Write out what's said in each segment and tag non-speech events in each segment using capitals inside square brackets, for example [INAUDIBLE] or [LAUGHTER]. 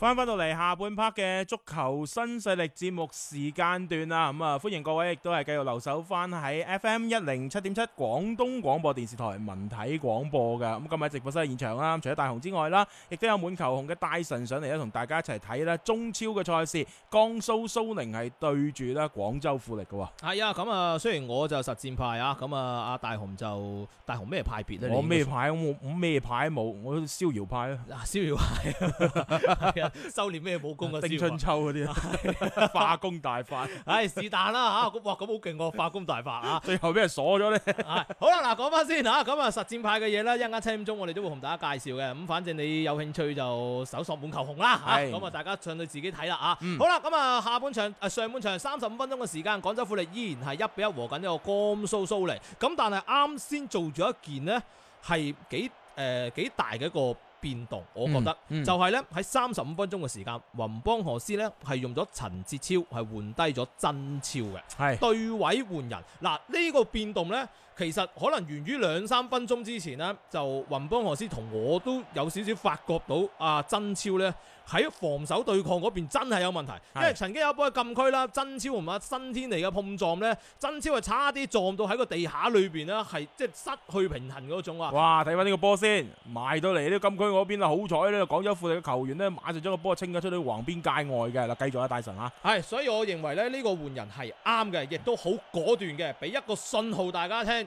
翻翻到嚟下半 part 嘅足球新勢力節目時間段啦，咁、嗯、啊歡迎各位，亦都係繼續留守翻喺 FM 一零七點七廣東廣播電視台文體廣播嘅。咁、嗯、今日直播室嘅現場啦，除咗大雄之外啦，亦都有滿球紅嘅大神上嚟啦，同大家一齊睇啦中超嘅賽事。江蘇蘇寧係對住咧廣州富力嘅喎。係啊，咁啊雖然我就實戰派啊，咁啊阿大雄就大雄咩派別咧、這個？我咩派？我咩派冇？我逍遙派啊！逍遙派。 [LAUGHS] [LAUGHS] [LAUGHS] 修煉咩武功丁、 [LAUGHS] [LAUGHS] 哎、啊？丁春秋嗰啲啊，化功大法。唉，是但啦嚇，哇咁好勁喎，化功大法啊！ [LAUGHS] 最後俾人鎖咗咧。好啦，嗱，講翻先嚇，咁啊實戰派嘅嘢啦，一陣間七點鐘我哋都會同大家介紹嘅。咁反正你有興趣就搜索滿球紅啦。係、啊，咁是啊大家上到自己睇啦啊。嗯、好啦，咁啊下半場啊上半場三十五分鐘嘅時間，廣州富力依然係一比一和緊呢個江蘇蘇寧。咁但係啱先做咗一件呢，係幾誒、呃、幾大嘅一個。變動，我覺得就係呢，喺三十五分鐘嘅時間，雲邦賀斯呢係用咗陳志超，係換低咗真超嘅，係是對位換人。嗱，呢個變動呢。其實可能源於兩三分鐘之前呢，就雲邦俄斯同我都有少少發覺到阿曾、啊、超呢喺防守對抗嗰邊真係有問題，的因為曾經有一波禁區啦，曾超同埋新天尼嘅碰撞呢，曾超係差啲撞到喺個地下裏邊呢係即係失去平衡嗰種啊！哇，睇翻呢個波先，埋到嚟呢禁區嗰邊啊。好彩呢，廣州富力嘅球員呢，馬上將個波清咗出到橫邊界外嘅嗱，繼續啊，大神啊，係，所以我認為咧呢、呢個換人係啱嘅，亦都好果斷嘅，俾一個信號大家聽。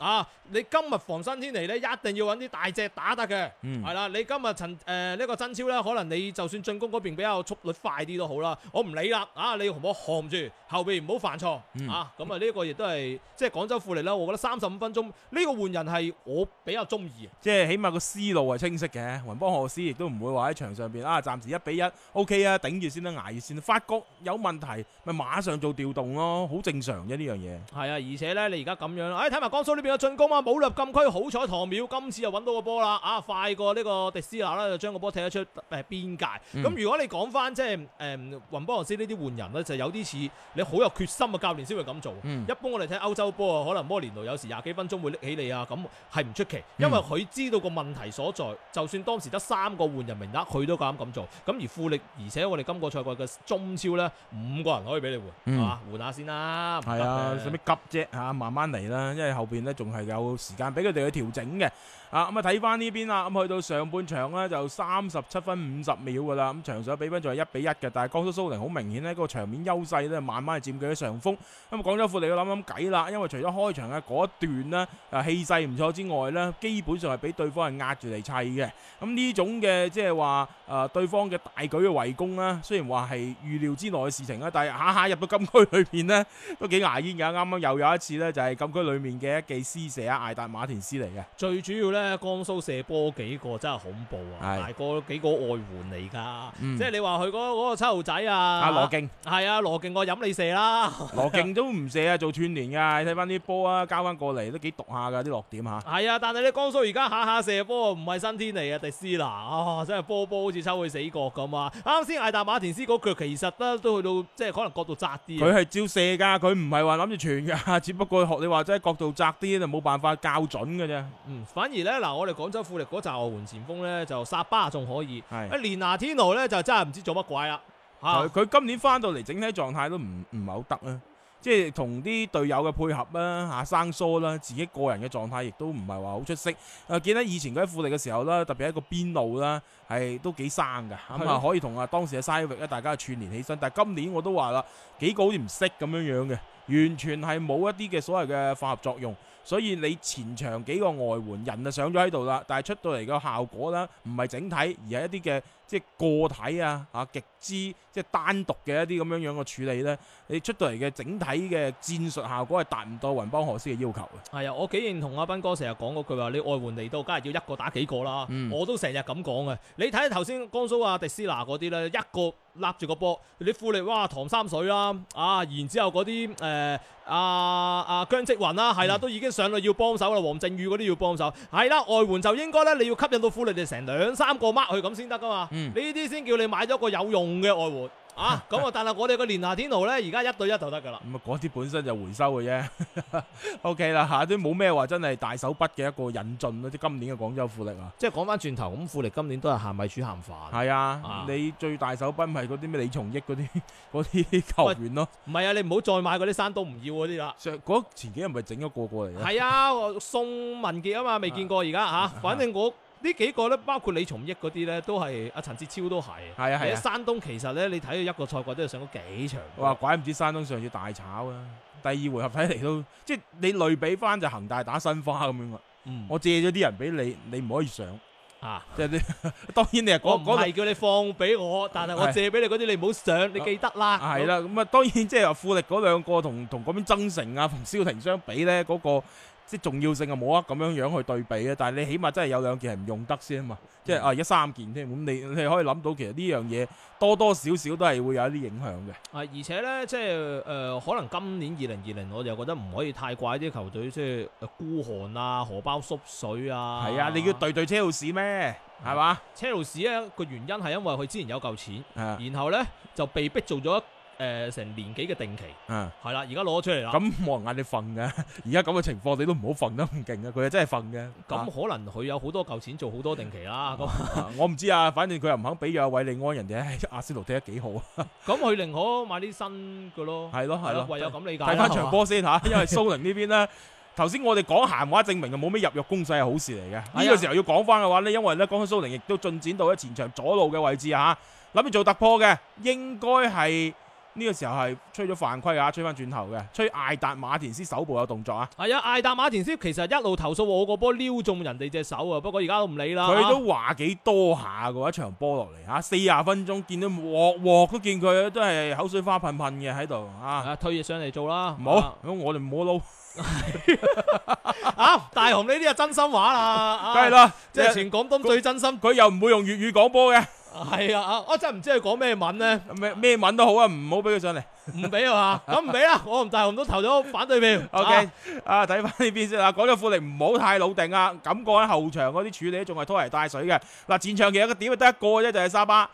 啊！你今日防身天嚟咧，一定要揾啲大隻打得嘅，係啦。你今日陳誒呢個真超咧，可能你就算進攻嗰邊比較速率快啲都好啦。我唔理啦，啊你要唔好控住，後邊唔好犯錯啊。咁啊呢個亦都係即係廣州富力啦。我覺得三十五分鐘呢個換人係我比較鍾意，即係起碼個思路係清晰嘅。雲邦賀斯亦都唔會話喺場上邊啊，暫時一比一 OK 啊，頂住先啦，挨住先。發覺有問題，咪馬上做調動咯，好正常啫呢樣嘢。係啊，而且咧你而家咁樣，誒睇埋江蘇呢邊。有進攻啊！冇略禁區，好彩唐淼今次又揾到個波啦！啊，快過呢個迪斯納啦，就將個波踢得出誒、呃、邊界。咁、嗯、如果你講翻即係誒、呃、雲波羅斯呢啲換人咧，就有啲似你好有決心嘅教練先會咁做。嗯、一般我哋睇歐洲波啊，可能摩連奴有時廿幾分鐘會拎起你啊，咁係唔出奇，因為佢知道個問題所在。嗯、就算當時得三個換人名額，佢都夠膽咁做。咁而富力，而且我哋今個賽季嘅中超咧，五個人可以俾你換，係嘛、嗯啊？換下先啦。係啊，使乜急啫？嚇、啊啊，慢慢嚟啦，因為後邊咧。仲係有時間俾佢哋去調整嘅。啊，咁啊睇翻呢邊啦，咁去到上半場咧就三十七分五十秒噶啦，咁場上比分仲係一比一嘅，但係江蘇蘇寧好明顯咧，個場面優勢咧慢慢係佔據咗上風。咁廣州富力要諗諗計啦，因為除咗開場嘅一段咧啊氣勢唔錯之外咧，基本上係俾對方係壓住嚟砌嘅。咁呢種嘅即係話誒對方嘅大舉嘅圍攻咧，雖然話係預料之內嘅事情啦，但係下下入到禁區裏邊咧都幾牙煙嘅。啱啱又有一次咧就係禁區裏面嘅一記施射啊，艾達馬田斯嚟嘅。最主要咧。誒江蘇射波幾個真係恐怖啊！大個幾個外援嚟噶，即係你話佢嗰嗰個七號仔啊，羅勁係啊羅勁，我飲你射啦！羅勁都唔射啊，做串連噶。你睇翻啲波啊，交翻過嚟都幾毒下噶啲落點嚇。係啊，但係你江蘇而家下下射波唔係新天嚟啊，迪斯拿啊，真係波波好似抽去死角咁啊！啱先艾達馬田斯嗰腳其實都都去到即係可能角度窄啲，佢係照射㗎，佢唔係話諗住傳㗎，只不過學你話齋角度窄啲就冇辦法校準㗎啫。嗯，反而咧。嗱，我哋廣州富力嗰陣外援前鋒咧就薩巴仲可以，啊的連拿天奴呢，就真係唔知做乜鬼啦嚇！佢今年翻到嚟整體狀態都唔唔係好得啊，即係同啲隊友嘅配合啦嚇生疏啦，自己個人嘅狀態亦都唔係話好出色。啊，見到以前佢喺富力嘅時候呢，特別係一個邊路啦，係都幾生嘅咁啊，的的可以同啊當時嘅塞域啊大家串連起身。但係今年我都話啦，幾個好似唔識咁樣樣嘅。完全係冇一啲嘅所謂嘅化合作用，所以你前場幾個外援人就上咗喺度啦，但係出到嚟嘅效果咧，唔係整體，而係一啲嘅即係個體啊嚇極之即係單獨嘅一啲咁樣樣嘅處理呢。你出到嚟嘅整體嘅戰術效果係達唔到雲邦荷斯嘅要求嘅。係啊，我幾認同阿斌哥成日講嗰句話，你外援嚟到，梗係要一個打幾個啦。嗯、我都成日咁講嘅。你睇下頭先江蘇阿迪斯拿嗰啲咧，一個。笠住個波，啲富力哇唐三水啦、啊，啊然之後嗰啲誒阿阿姜積雲啦，係啦、嗯、都已經上到要幫手啦，黃政宇嗰啲要幫手，係啦，外援就應該咧，你要吸引到富力哋成兩三個 mark 去咁先得噶嘛，呢啲先叫你買咗個有用嘅外援。啊，咁啊，但係我哋個連夏天奴咧，而家一對一就得噶啦。咁啊、嗯，嗰啲本身就回收嘅啫。 [LAUGHS] OK 啦，嚇，都冇咩話真係大手筆嘅一個引進咯，即係今年嘅廣州富力啊。即係講翻轉頭，咁富力今年都係限米煮限飯。係啊，啊你最大手筆咪嗰啲咩李松益嗰啲嗰啲球員咯。唔係啊，你唔好再買嗰啲山東唔要嗰啲啦。嗰前幾日咪整一個過嚟。係啊，宋文傑啊嘛，未見過而家嚇。反正我。呢幾個咧，包括李重益嗰啲咧，都係阿陳志超都係。係啊係啊！山東其實咧，你睇到一個賽季都係上咗幾場。哇，怪唔知山東上次大炒啊！第二回合睇嚟都即係你類比翻就恒大打申花咁樣啊。嗯、我借咗啲人俾你，你唔可以上。啊。即係你當然你係講講唔係叫你放俾我，但係我借俾你嗰啲你唔好上，是你記得啦。係啦，咁啊當然即係話富力嗰兩個同同嗰邊曾誠啊同蕭霆相比咧嗰、嗰個。即重要性啊，冇啊咁樣樣去對比啊，但係你起碼真係有兩件係唔用得先啊嘛，即係啊一三件添，咁你你可以諗到其實呢樣嘢多多少少都係會有一啲影響嘅。啊，而且咧即係誒、呃，可能今年二零二零，我就覺得唔可以太怪啲球隊，即係孤寒啊，荷包縮水啊。係啊，你要對對車路士咩？係嘛、啊？吧車路士咧個原因係因為佢之前有嚿錢，啊、然後咧就被逼做咗。誒成年幾嘅定期啊，係啦，而家攞咗出嚟啦。咁冇人嗌你瞓嘅，而家咁嘅情況，你都唔好瞓得咁勁啊！佢又真係瞓嘅。咁可能佢有好多舊錢，做好多定期啦。我唔知啊，反正佢又唔肯俾約韋利安人哋，阿仙奴踢得幾好啊。咁佢寧可買啲新嘅咯，係咯係咯，唯有咁理解。睇翻場波先吓，因為蘇寧呢邊呢，頭先我哋講閒話，證明啊冇咩入約攻勢係好事嚟嘅。呢個時候要講翻嘅話呢，因為呢講緊蘇寧亦都進展到喺前場左路嘅位置嚇，諗住做突破嘅，應該係。呢個時候係吹咗犯規啊，吹翻轉頭嘅，吹艾達馬田斯手部有動作啊。係啊、哎，艾達馬田斯其實一路投訴我個波撩中人哋隻手啊，不過而家都唔理啦。佢都話幾多下噶，一場波落嚟，吓四十分鐘，見到鑊鑊都見佢都係口水花噴噴嘅喺度啊，推嘢上嚟做啦，唔好咁、啊、我哋唔好撈。啊，大雄呢啲係真心話啦，梗係啦，即係全廣東最真心，佢又唔會用粵語講波嘅。係啊，我真係唔知佢講咩文咧，咩咩文都好啊，唔好俾佢上嚟，唔俾啊嘛，咁唔俾啦，我同大雄都投咗反對票。O Okay , K，啊睇翻呢邊先啦，講咗、啊、富力唔好太老定啊，感覺喺後場嗰啲處理仲係拖泥帶水嘅。嗱，前場其實一個點得一個啫，就係、是、沙巴。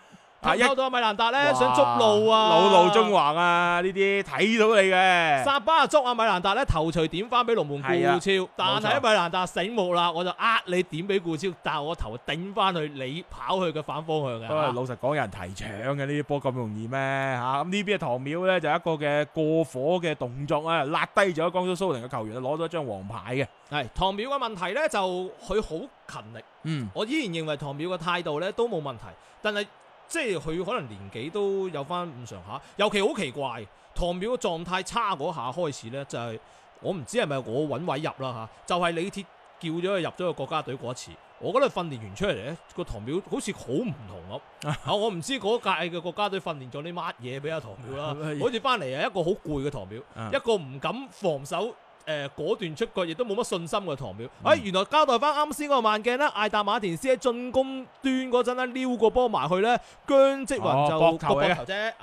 一到阿米蘭達咧想捉路啊，老路中橫啊呢啲睇到你嘅。薩巴捉阿米蘭達咧頭錘點翻俾龍門顧超，啊，但係米蘭達醒目啦，我就呃你點俾顧超，但係我頭頂翻去你跑去嘅反方向嘅。都係老實講，有人提搶嘅呢啲波咁容易咩吓？咁呢邊嘅唐淼咧就一個嘅過火嘅動作啊，拉低咗江蘇蘇寧嘅球員，攞咗一張黃牌嘅。係唐淼嘅問題咧就佢好勤力，嗯，我依然認為唐淼嘅態度咧都冇問題，但係。即係佢可能年紀都有翻咁上下，尤其好奇怪，唐淼嘅狀態差嗰下開始呢、就係啊，就係我唔知係咪我揾位入啦嚇，就係李鐵叫咗佢入咗個國家隊嗰一次，我覺得訓練完出嚟呢個唐淼好似好唔同咁。嚇 [LAUGHS] 我唔知嗰屆嘅國家隊訓練咗啲乜嘢俾阿唐淼啦， [LAUGHS] 好似翻嚟係一個好攰嘅唐淼， [LAUGHS] 一個唔敢防守。誒，果斷、呃、出腳，亦都冇乜信心嘅唐淼。哎、嗯，原來交代翻啱先嗰個慢鏡呢，艾達馬田斯喺進攻端嗰陣呢，撩過波埋去呢，姜積雲就膊頭啫，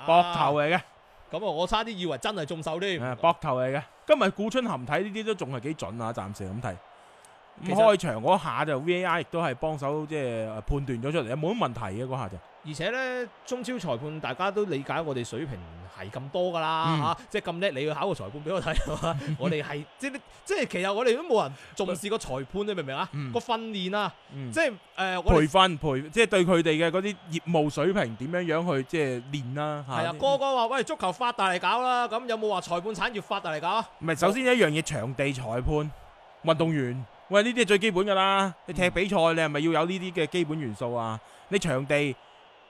膊頭嚟嘅。咁啊，我差啲以為真係中手添。誒、嗯，膊頭嚟嘅。嗯、今日顧春含睇呢啲都仲係幾準啊，暫時咁睇。咁開場嗰下就 VAR 亦都係幫手，即係判斷咗出嚟，冇乜問題嘅嗰下就。而且呢，中超裁判大家都理解我哋水平係咁多噶啦，即係咁叻，你要考個裁判俾我睇 [LAUGHS] 我哋係即係即係，即其實我哋都冇人重視個裁判你明唔明、嗯、啊？個訓練啊，即係誒，培訓培即係對佢哋嘅嗰啲業務水平點樣樣去即係練啦吓。係啊，個個話喂足球發大嚟搞啦，咁有冇話裁判產業發大嚟搞？唔係，首先一樣嘢，場地裁判運動員。喂，呢啲係最基本噶啦，你踢比賽，你係咪要有呢啲嘅基本元素啊？你場地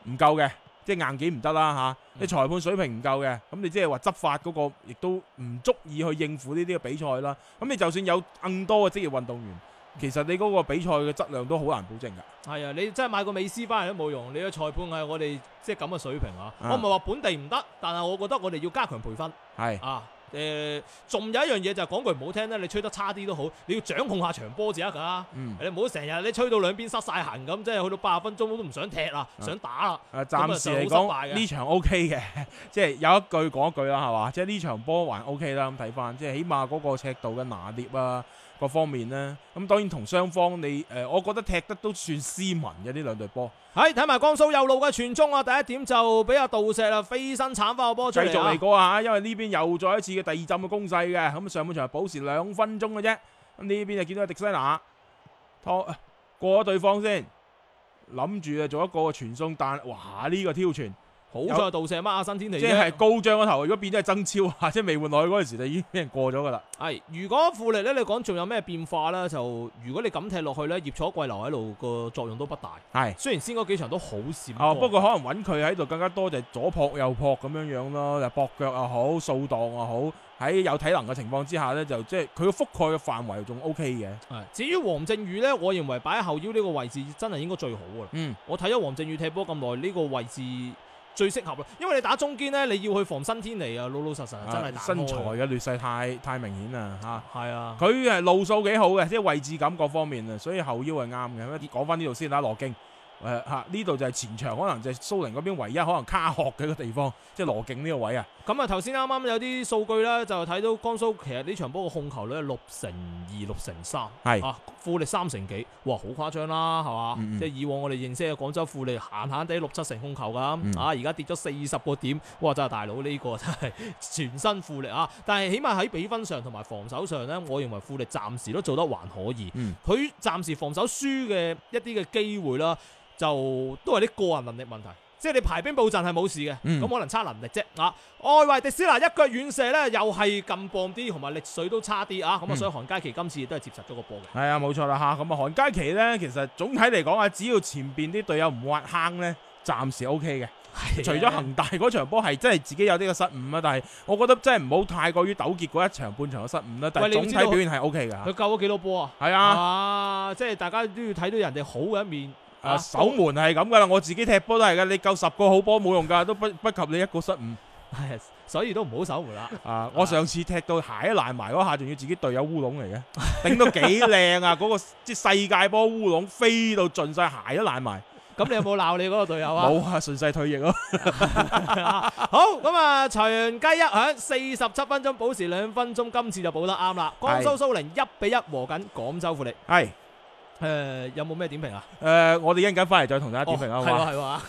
唔夠嘅，即係硬件唔得啦嚇。嗯，你裁判水平唔夠嘅，咁你即係話執法嗰個亦都唔足以去應付呢啲嘅比賽啦。咁你就算有更多嘅職業運動員，其實你嗰個比賽嘅質量都好難保證嘅。係啊，你真係買個美斯翻嚟都冇用，你嘅裁判係我哋即係咁嘅水平啊！我唔係話本地唔得，但係我覺得我哋要加強培訓。係啊。誒，仲、呃、有一樣嘢就係講句唔好聽咧，你吹得差啲都好，你要掌控下場波至得噶。嗯、你唔好成日你吹到兩邊塞晒行咁，即係去到八十分鐘都唔想踢啦，想打啦。誒，暫時嚟講呢場 OK 嘅，即係有一句講一句啦，係嘛？即係呢場波還 OK 啦，咁睇翻，即係起碼嗰個尺度嘅拿捏啊。各方面呢，咁當然同雙方你誒，我覺得踢得都算斯文嘅呢兩隊波。喺睇埋江蘇右路嘅傳中啊，第一點就俾阿杜石啊飛身鏟翻個波出去。繼續嚟過啊，因為呢邊又再一次嘅第二陣嘅攻勢嘅。咁上半場係保持兩分鐘嘅啫。咁呢邊就見到迪西拿，拖過咗對方先，諗住做一個傳送但哇！呢、呢個挑傳。好在杜射乜阿新天地、啊，即係高張個頭。如果變咗係爭超啊，即係未換落去嗰陣時就已經俾人過咗噶啦。係如果富力呢，你講仲有咩變化呢？就如果你咁踢落去呢，葉楚貴留喺度個作用都不大。係是雖然先嗰幾場都好閃、哦，不過可能揾佢喺度更加多就係、左撲右撲咁樣樣咯，就博腳又好，掃檔又好。喺有體能嘅情況之下呢，就即係佢嘅覆蓋嘅範圍仲 OK 嘅。至於黃政宇呢，我認為擺喺後腰呢個位置真係應該最好噶啦。嗯、我睇咗黃政宇踢波咁耐，呢、呢個位置。最適合啊，因為你打中堅呢，你要去防新天尼啊，老老實實啊，真係身材嘅劣勢太太明顯啦嚇。係啊，佢誒、啊、路數幾好嘅，即係位置感各方面啊，所以後腰係啱嘅。講翻呢度先啦，看看羅京。誒吓呢度就係前場可能就係蘇寧嗰邊唯一可能卡殼嘅一個地方，即係羅景呢個位啊。咁啊頭先啱啱有啲數據啦，就睇到江蘇其實呢場波嘅控球率係六成二、六成三，係啊富力三成幾，哇好誇張啦，係嘛，啊？嗯嗯即係以往我哋認識嘅廣州富力行行行，閒閒哋六七成控球噶，啊，嗯，啊而家跌咗四十個點，哇真係，就是，大佬呢，這個真係全身富力啊！但係起碼喺比分上同埋防守上呢，我認為富力暫時都做得還可以。佢暫，嗯嗯，時防守輸嘅一啲嘅機會啦。就都係啲個人能力問題，即係你排兵布陣係冇事嘅，咁、嗯、可能差能力啫。啊，外、哎、圍迪斯拿一腳遠射呢，又係咁磅啲，同埋力水都差啲啊。咁啊、嗯，所以韓佳琪今次亦都係接實咗個波嘅。係啊，冇錯啦嚇。咁啊，韓佳琪呢，其實總體嚟講啊，只要前邊啲隊友唔挖坑呢，暫時 OK 嘅。哎、冇錯，除咗恒大嗰場波係真係自己有啲嘅失誤啊，但係我覺得真係唔好太過於糾結嗰一場半場嘅失誤啦。但係總體表現係 OK 嘅。佢救咗幾多波啊？係啊，啊，即係大家都要睇到人哋好嘅一面。啊。啊！守門係咁噶啦，我自己踢波都係噶，你夠十個好波冇用噶，都不不及你一個失誤。係，所以都唔好守門啦。啊！我上次踢到鞋都爛埋嗰下，仲要自己隊友烏龍嚟嘅，頂到幾靚啊！嗰個即係世界波烏龍，飛到盡晒鞋都爛埋。咁你有冇鬧你嗰個隊友啊？冇啊，順勢退役咯。好，咁啊，長雞一響，四十七分鐘保持兩分鐘，今次就保得啱啦。江蘇蘇寧一比一和緊廣州富力。係。誒、呃，有冇咩點評啊？誒、呃，我哋一陣間翻嚟再同大家點評、哦、吧啊。係咯、啊，係嘛。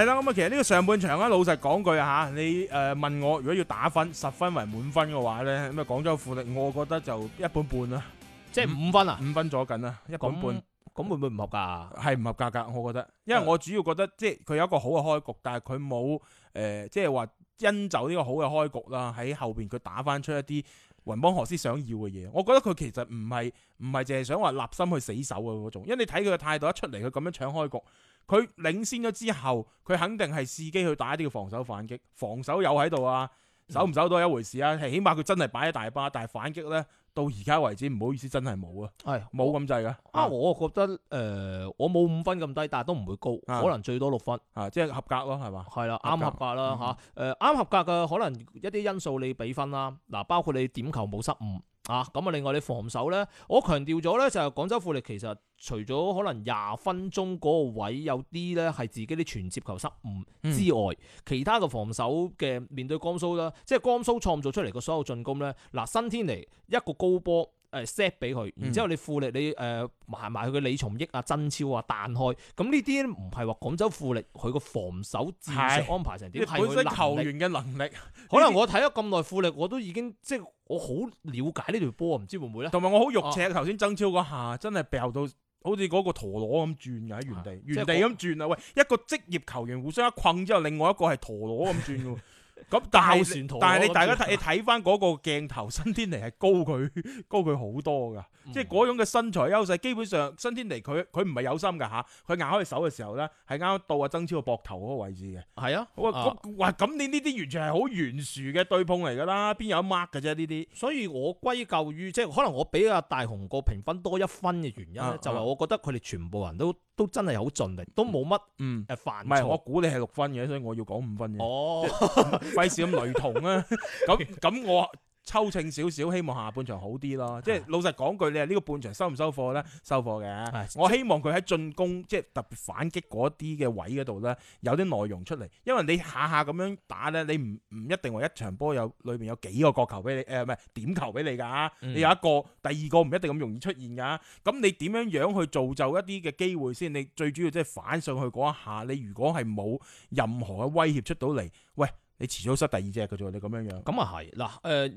係啦，咁啊，其實呢個上半場咧，老實講句啊，吓你誒問我，如果要打分，十分為滿分嘅話咧，咁啊廣州富力，我覺得就一半半啦。即係五分啊？五分左近啦，一半半。咁會唔會唔合格？係唔合格噶，我覺得，因為我主要覺得即係佢有一個好嘅開局，但係佢冇誒，即係話因就呢個好嘅開局啦，喺後邊佢打翻出一啲。雲邦何斯想要嘅嘢，我覺得佢其實唔係唔係淨係想話立心去死守嘅嗰種，因為你睇佢嘅態度一出嚟，佢咁樣搶開局，佢領先咗之後，佢肯定係伺機去打一啲嘅防守反擊，防守有喺度啊，守唔守都係一回事啊，係起碼佢真係擺喺大巴，但係反擊呢。到而家為止，唔好意思，真係冇啊，係冇咁滯嘅。啊，我，係我覺得誒、呃，我冇五分咁低，但係都唔會高，可能最多六分啊，即係合格咯，係嘛？係啦，啱合格啦吓，誒，啱合格嘅可能一啲因素你俾分啦，嗱，包括你點球冇失誤。啊，咁啊，另外你防守呢，我強調咗呢，就係廣州富力其實除咗可能廿分鐘嗰個位有啲呢係自己啲傳接球失誤之外，嗯、其他嘅防守嘅面對江蘇啦，即係江蘇創造出嚟嘅所有進攻呢，嗱新天嚟一個高波。誒 set 俾佢，然之後你富力你誒埋埋佢嘅李松益啊、曾超啊彈開，咁呢啲唔係話廣州富力佢個防守戰術安排成點？你是本身球員嘅能力，可能這些 我睇咗咁耐富力，我都已經即係我好了解會會呢條波，唔知會唔會咧？同埋我好肉赤，頭先曾超嗰下真係爆到好似嗰個陀螺咁轉嘅喺原地，原地咁轉啊、就是那個轉！喂，一個職業球員互相一困之後，另外一個係陀螺咁轉嘅。 [LAUGHS] 咁大但是船，但係你大家睇你睇翻嗰個鏡頭， [LAUGHS] 新天尼係高佢高佢好多㗎，嗯、即係嗰種嘅身材優勢。基本上，新天尼佢佢唔係有心㗎吓，佢捱開手嘅時候咧，係啱啱到阿曾超嘅膊頭嗰個位置嘅。係啊，啊哇，咁你呢啲完全係好懸殊嘅對碰嚟㗎啦，邊有得掹㗎啫呢啲？所以我歸咎於即係可能我比阿大雄個評分多一分嘅原因、啊、就係我覺得佢哋全部人都。都真係好盡力，都冇乜嗯誒犯錯。唔係，我估你係六分嘅，所以我要講五分嘅。哦，費事咁雷同啊！咁咁 [LAUGHS] 我。抽稱少少，希望下半場好啲咯。即係的老實講句，你係呢個半場收唔收貨呢？收貨嘅。的我希望佢喺進攻，即係特別反擊嗰啲嘅位嗰度呢，有啲內容出嚟。因為你下下咁樣打呢，你唔唔一定話一場波有裏面有幾個角球俾你，誒唔係點球俾你㗎。嗯、你有一個，第二個唔一定咁容易出現㗎。咁你點樣樣去造就一啲嘅機會先？你最主要即係反上去嗰一下，你如果係冇任何嘅威脅出到嚟，喂。你遲早失第二隻嘅啫，你咁樣樣。咁啊係，嗱，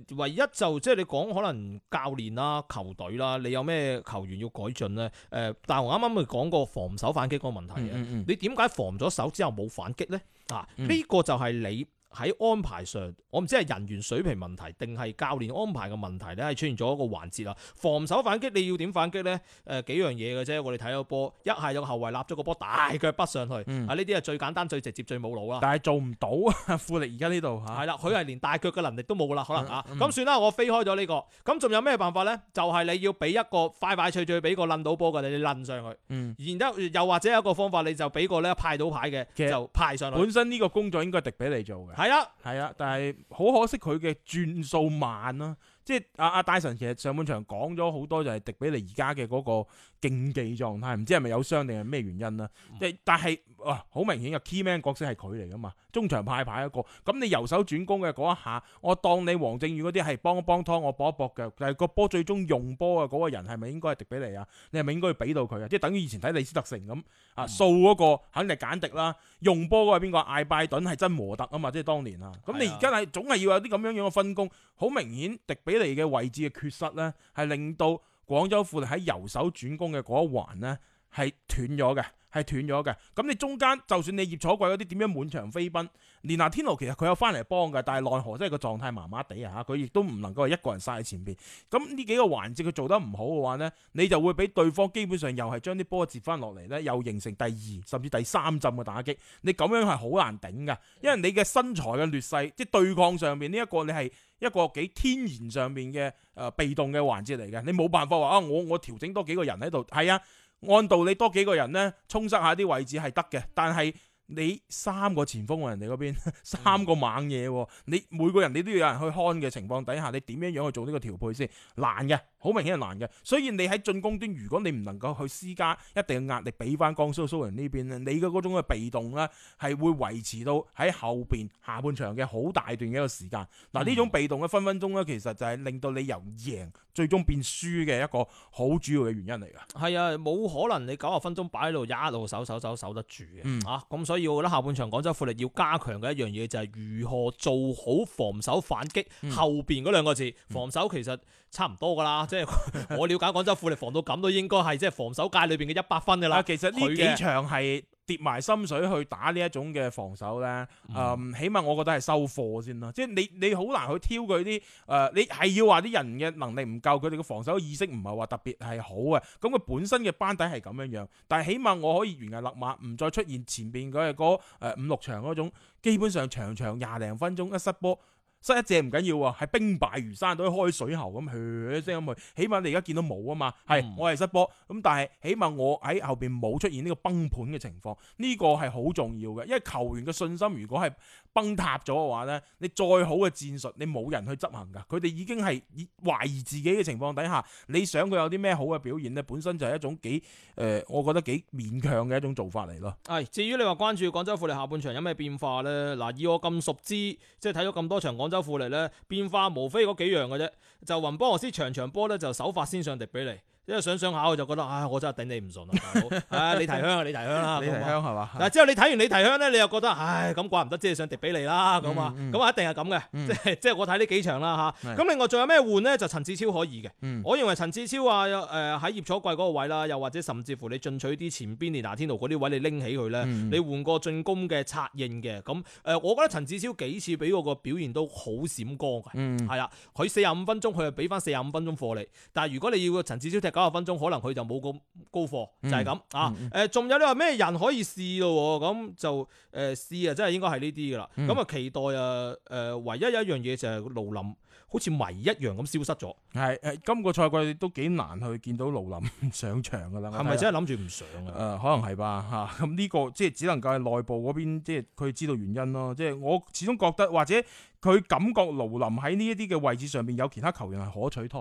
誒，唯一就係、即係你講可能教練啦、球隊啦，你有咩球員要改進咧？誒、呃，但係我啱啱咪講過防守反擊嗰個問題嘅，嗯嗯嗯，你點解防咗手之後冇反擊咧？啊，呢、嗯、個就係你。喺安排上，我唔知係人員水平問題定係教練安排嘅問題咧，係出現咗一個環節啦。防守反擊你要點反擊咧？誒、呃、幾樣嘢嘅啫，我哋睇個波，一係有個後衞立咗個波大腳逼上去，嗯、啊呢啲係最簡單、最直接、最冇腦啦。但係做唔到，富力而家呢度嚇。係、啊、啦，佢係連大腳嘅能力都冇啦，可能嚇。咁、嗯啊嗯、算啦，我飛開咗呢、這個。咁仲有咩辦法咧？就係、是、你要俾一個快快脆脆俾個撚到波嘅你撚上去。嗯、然之後又或者有一個方法，你就俾個咧派到牌嘅實就派上去。本身呢個工作應該係敵俾你做嘅。係啊，係啊，但係好可惜佢嘅轉數慢啊。即係阿阿戴神其實上半場講咗好多，就係迪比尼而家嘅嗰個。競技狀態唔知係咪有傷定係咩原因啦？即、嗯、但係哇，好明顯嘅 key man 角色係佢嚟㗎嘛，中場派牌一個咁你由守轉攻嘅嗰一下，我當你黃正宇嗰啲係幫一幫拖我搏一搏嘅，但係個波最終用波嘅嗰個人係咪應該係迪比尼啊？你係咪應該要俾到佢啊？即係等於以前睇李斯特城咁啊，掃嗰、嗯、個肯定係簡迪啦，用波嗰個邊個艾拜登係真模特啊嘛，即係當年啊，咁你而家係總係要有啲咁樣樣嘅分工，好明顯迪比尼嘅位置嘅缺失呢，係令到。廣州富力喺右手轉攻嘅嗰一環咧。係斷咗嘅，係斷咗嘅。咁你中間就算你葉楚貴嗰啲點樣滿場飛奔，連拿天奴其實佢有翻嚟幫嘅，但係奈何真係個狀態麻麻地啊，吓，佢亦都唔能夠一個人晒喺前面。咁呢幾個環節佢做得唔好嘅話呢，你就會俾對方基本上又係將啲波折翻落嚟，咧，又形成第二甚至第三陣嘅打擊。你咁樣係好難頂噶，因為你嘅身材嘅劣勢，即係對抗上面呢一個你係一個幾天然上面嘅誒被動嘅環節嚟嘅，你冇辦法話啊，我我調整多幾個人喺度係啊。按道理多幾個人呢，充塞一下啲位置係得嘅。但係你三個前鋒，人哋嗰邊三個猛嘢，你每個人你都要有人去看嘅情況底下，你點樣樣去做呢個調配先難嘅，好明顯係難嘅。所以你喺進攻端，如果你唔能夠去施加一定嘅壓力俾翻江蘇蘇寧邊，呢邊咧，你嘅嗰種嘅被動呢，係會維持到喺後邊下半場嘅好大段嘅一個時間。嗱呢、嗯、種被動嘅分分鐘呢，其實就係令到你由贏。最終變輸嘅一個好主要嘅原因嚟噶，係啊，冇可能你九十分鐘擺喺度，一路守守守守得住嘅，吓咁、嗯啊，所以我覺得下半場廣州富力要加強嘅一樣嘢就係如何做好防守反擊、嗯、後邊嗰兩個字防守其實差唔多噶啦，即係、嗯、我了解廣州富力防到咁都應該係即係防守界裏邊嘅一百分噶啦、啊，其實呢幾場係。跌埋心水去打呢一種嘅防守呢，誒、嗯，起碼我覺得係收貨先咯。即、就、係、是、你你好難去挑佢啲誒，你係要話啲人嘅能力唔夠，佢哋嘅防守意識唔係話特別係好嘅。咁佢本身嘅班底係咁樣樣，但係起碼我可以懸崖勒馬唔再出現前邊嗰個五六場嗰種，基本上場場廿零分鐘一失波。失一隻唔緊要啊，係兵敗如山倒，開水喉咁噓聲咁去。起碼你而家見到冇啊嘛，係、嗯、我係失波咁，但係起碼我喺後邊冇出現呢個崩盤嘅情況，呢個係好重要嘅。因為球員嘅信心如果係崩塌咗嘅話呢，你再好嘅戰術你冇人去執行㗎，佢哋已經係懷疑自己嘅情況底下，你想佢有啲咩好嘅表現呢？本身就係一種幾誒、呃，我覺得幾勉強嘅一種做法嚟咯。係，至於你話關注廣州富力下半場有咩變化呢？嗱，以我咁熟知，即係睇咗咁多場周富力咧，變化無非幾樣嘅啫，就雲波羅斯場場波咧就首發先上迪比你。因為想想下我就覺得，唉，我真係頂你唔順啊！大佬，唉，李提香啊，李提香啦，李提香係嘛？但之後你睇完你提香咧，你又覺得，唉，咁怪唔得，即係想滴俾你啦，咁啊、嗯，咁、嗯、啊，一定係咁嘅。即係即係我睇呢幾場啦吓。咁的另外仲有咩換咧？就陳、是、志超可以嘅。嗯、我認為陳志超啊，誒喺葉楚貴嗰個位啦，又或者甚至乎你進取啲前邊尼達天奴嗰啲位，你拎起佢咧，嗯、你換個進攻嘅策應嘅咁。誒、嗯呃，我覺得陳志超幾次俾嗰個表現都好閃光嘅。係啦、嗯，佢四廿五分鐘，佢又俾翻四廿五分鐘火你。但係如果你要個陳志超九十分鐘，可能佢就冇咁高貨，嗯、就係咁、嗯、啊！誒，仲有你話咩人可以試咯？咁就誒，試、呃、啊！真係應該係呢啲噶啦。咁啊、嗯，就期待啊！誒、呃，唯一一樣嘢就係盧林，好似迷一樣咁消失咗。係誒、呃，今個賽季都幾難去見到盧林 [LAUGHS] 上場噶啦。係咪真係諗住唔上啊？誒的、呃，可能係吧吓。咁、啊、呢、這個即係只能夠係內部嗰邊，即係佢知道原因咯。即係我始終覺得，或者佢感覺盧林喺呢一啲嘅位置上面有其他球員係可取代。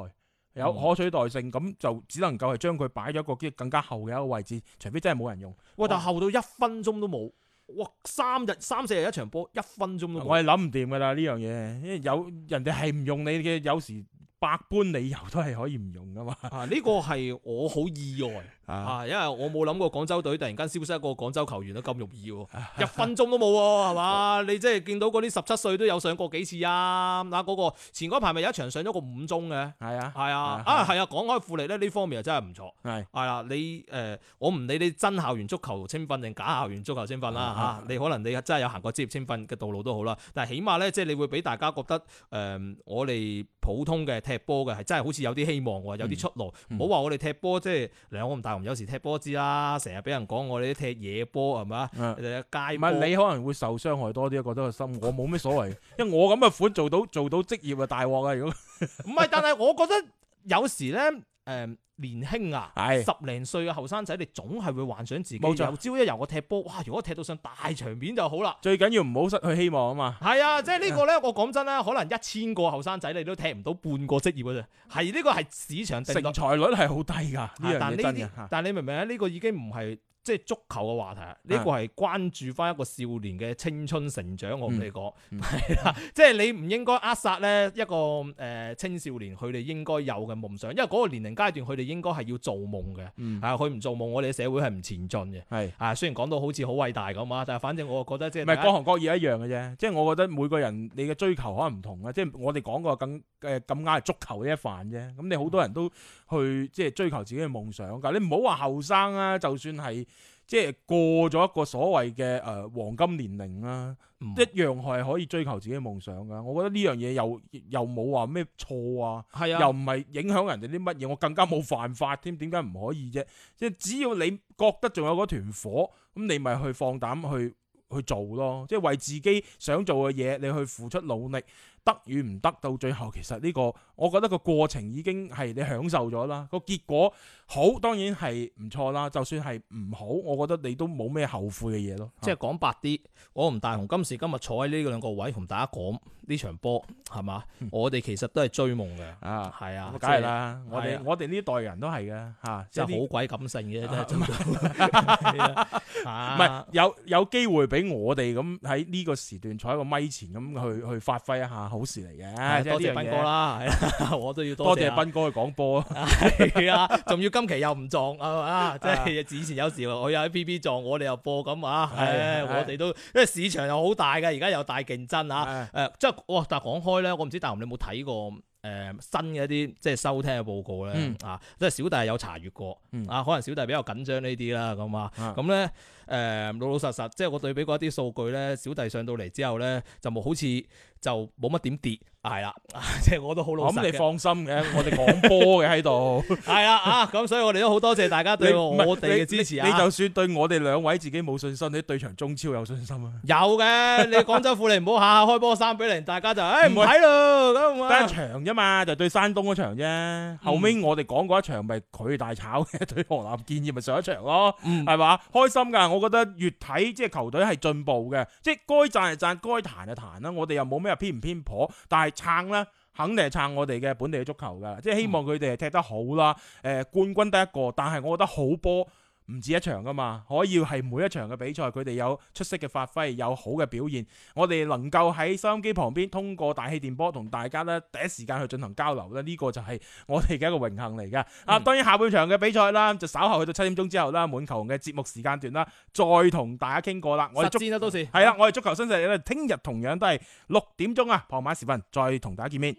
有可取代性，咁、嗯、就只能夠係將佢擺咗一個更加後嘅一個位置，除非真係冇人用。哇喂！我但係後到一分鐘都冇，哇！三日三四日一場波一分鐘都冇、呃，我係諗唔掂㗎啦呢樣嘢，因為有人哋係唔用你嘅，有時百般理由都係可以唔用㗎嘛。呢、啊呢個係我好意外。 [LAUGHS] 啊，因為我冇諗過廣州隊突然間消失一個廣州球員都咁容易，啊， [LAUGHS] 一分鐘都冇係嘛？ [LAUGHS] 你即係見到嗰啲十七歲都有上過幾次啊？嗱，嗰個前嗰排咪有一場上咗個五中嘅，係 [LAUGHS] 啊，係 [LAUGHS] 啊，啊係啊，講開富力咧呢方面又真係唔錯，係係啊， [LAUGHS] [LAUGHS] 你誒，我唔理你真校園足球青訓定假校園足球青訓啦吓，你可能你真係有行過職業青訓嘅道路都好啦，但係起碼呢，即係你會俾大家覺得誒、嗯，我哋普通嘅踢波嘅係真係好似有啲希望喎，有啲出路，唔好話我哋踢波即係兩個咁大，大。有時踢波知啦，成日俾人講我哋啲踢野波係咪啊？你、嗯、街唔球係你可能會受傷害多啲，覺得個心我冇咩所謂， [LAUGHS] 因為我咁嘅款做到做到職業啊大鑊啊！如果唔係是， [LAUGHS] 但係我覺得有時咧誒。嗯年輕啊，是十零歲嘅後生仔，你總係會幻想自己有錯朝一日我踢波，哇！如果踢到上大場面就好啦。最緊要唔好失去希望啊嘛。係啊，嗯、即係呢個咧，我講真啦，可能一千個後生仔你都踢唔到半個職業嘅啫。係呢、這個係市場成才率係好低㗎。啊、但呢啲，但係你明唔明啊？呢個已經唔係。即係足球嘅話題啊！呢個係關注翻一個少年嘅青春成長。我同你講，係啦、嗯，嗯、 [LAUGHS] 即係你唔應該扼殺呢一個誒、呃、青少年佢哋應該有嘅夢想，因為嗰個年齡階段佢哋應該係要做夢嘅。嚇、嗯，佢唔、啊、做夢，我哋嘅社會係唔前進嘅。係、嗯、啊，雖然講到好似好偉大咁啊，但係反正我覺得即係唔係各行各業一樣嘅啫。即係我覺得每個人你嘅追求可能唔同啊。即係我哋講過咁誒咁啱係足球呢一範啫。咁你好多人都去即係追求自己嘅夢想㗎。嗯、你唔好話後生啊，就算係。即係過咗一個所謂嘅誒、呃、黃金年齡啦、啊，嗯、一樣係可以追求自己嘅夢想噶。我覺得呢樣嘢又又冇話咩錯啊，啊又唔係影響人哋啲乜嘢，我更加冇犯法添、啊。點解唔可以啫？即只要你覺得仲有嗰團火，咁你咪去放膽去去做咯。即係為自己想做嘅嘢，你去付出努力。得與唔得到最後，其實呢個我覺得個過程已經係你享受咗啦。個結果好當然係唔錯啦，就算係唔好，我覺得你都冇咩後悔嘅嘢咯。即係講白啲，我同大雄今時今日坐喺呢兩個位同大家講呢場波，係嘛？我哋其實都係追夢嘅啊，係啊，梗係啦，我哋我哋呢代人都係嘅吓，即係好鬼感性嘅，真係真係。唔係有有機會俾我哋咁喺呢個時段坐喺個咪前咁去去發揮一下。好事嚟嘅，多謝斌哥啦，我都要多謝斌哥嘅廣播啊，仲要今期又唔撞啊嘛，即係以前有時我有喺 P P 撞，我哋又播咁啊，我哋都，因為市場又好大嘅，而家又大競爭啊，誒，即係哇！但係講開咧，我唔知大雄你有冇睇過誒新嘅一啲即係收聽嘅報告咧啊？即係小弟有查閲過啊，可能小弟比較緊張呢啲啦，咁啊，咁咧。誒、嗯、老老實實，即係我對比過一啲數據咧，小弟上到嚟之後咧，就冇好似就冇乜點跌，係啦、啊，即係 [LAUGHS] 我都好老實。咁你放心嘅， [LAUGHS] 我哋講波嘅喺度。係啦， [LAUGHS] 啊咁，所以我哋都好多謝大家對我哋嘅支持啊！你就算對我哋兩位自己冇信心，你對場中超有信心啊？有嘅，你廣州富力唔好下開波三比零， [LAUGHS] 大家就誒唔睇咯咁啊！哎、是單場啫嘛，就係、對山東嗰場啫。嗯、後尾我哋講過一場，咪佢大炒嘅 [LAUGHS] 對河南建業，咪上一場咯，係嘛、嗯？開心㗎，我。我覺得越睇即係球隊係進步嘅，即係該讚就讚，該彈就彈啦。我哋又冇咩偏唔偏頗，但係撐咧，肯定係撐我哋嘅本地嘅足球噶，即係希望佢哋係踢得好啦。誒、嗯呃，冠軍得一個，但係我覺得好波，唔止一場噶嘛，可以係每一場嘅比賽，佢哋有出色嘅發揮，有好嘅表現，我哋能夠喺收音機旁邊通過大氣電波同大家呢，第一時間去進行交流呢，呢、這個就係我哋嘅一個榮幸嚟噶。嗯、啊，當然下半場嘅比賽啦，就稍後去到七點鐘之後啦，滿球嘅節目時間段啦，再同大家傾過啦。我哋足球啦，都係啦，我哋足球新勢力咧，聽日同樣都係六點鐘啊，傍晚時分再同大家見面。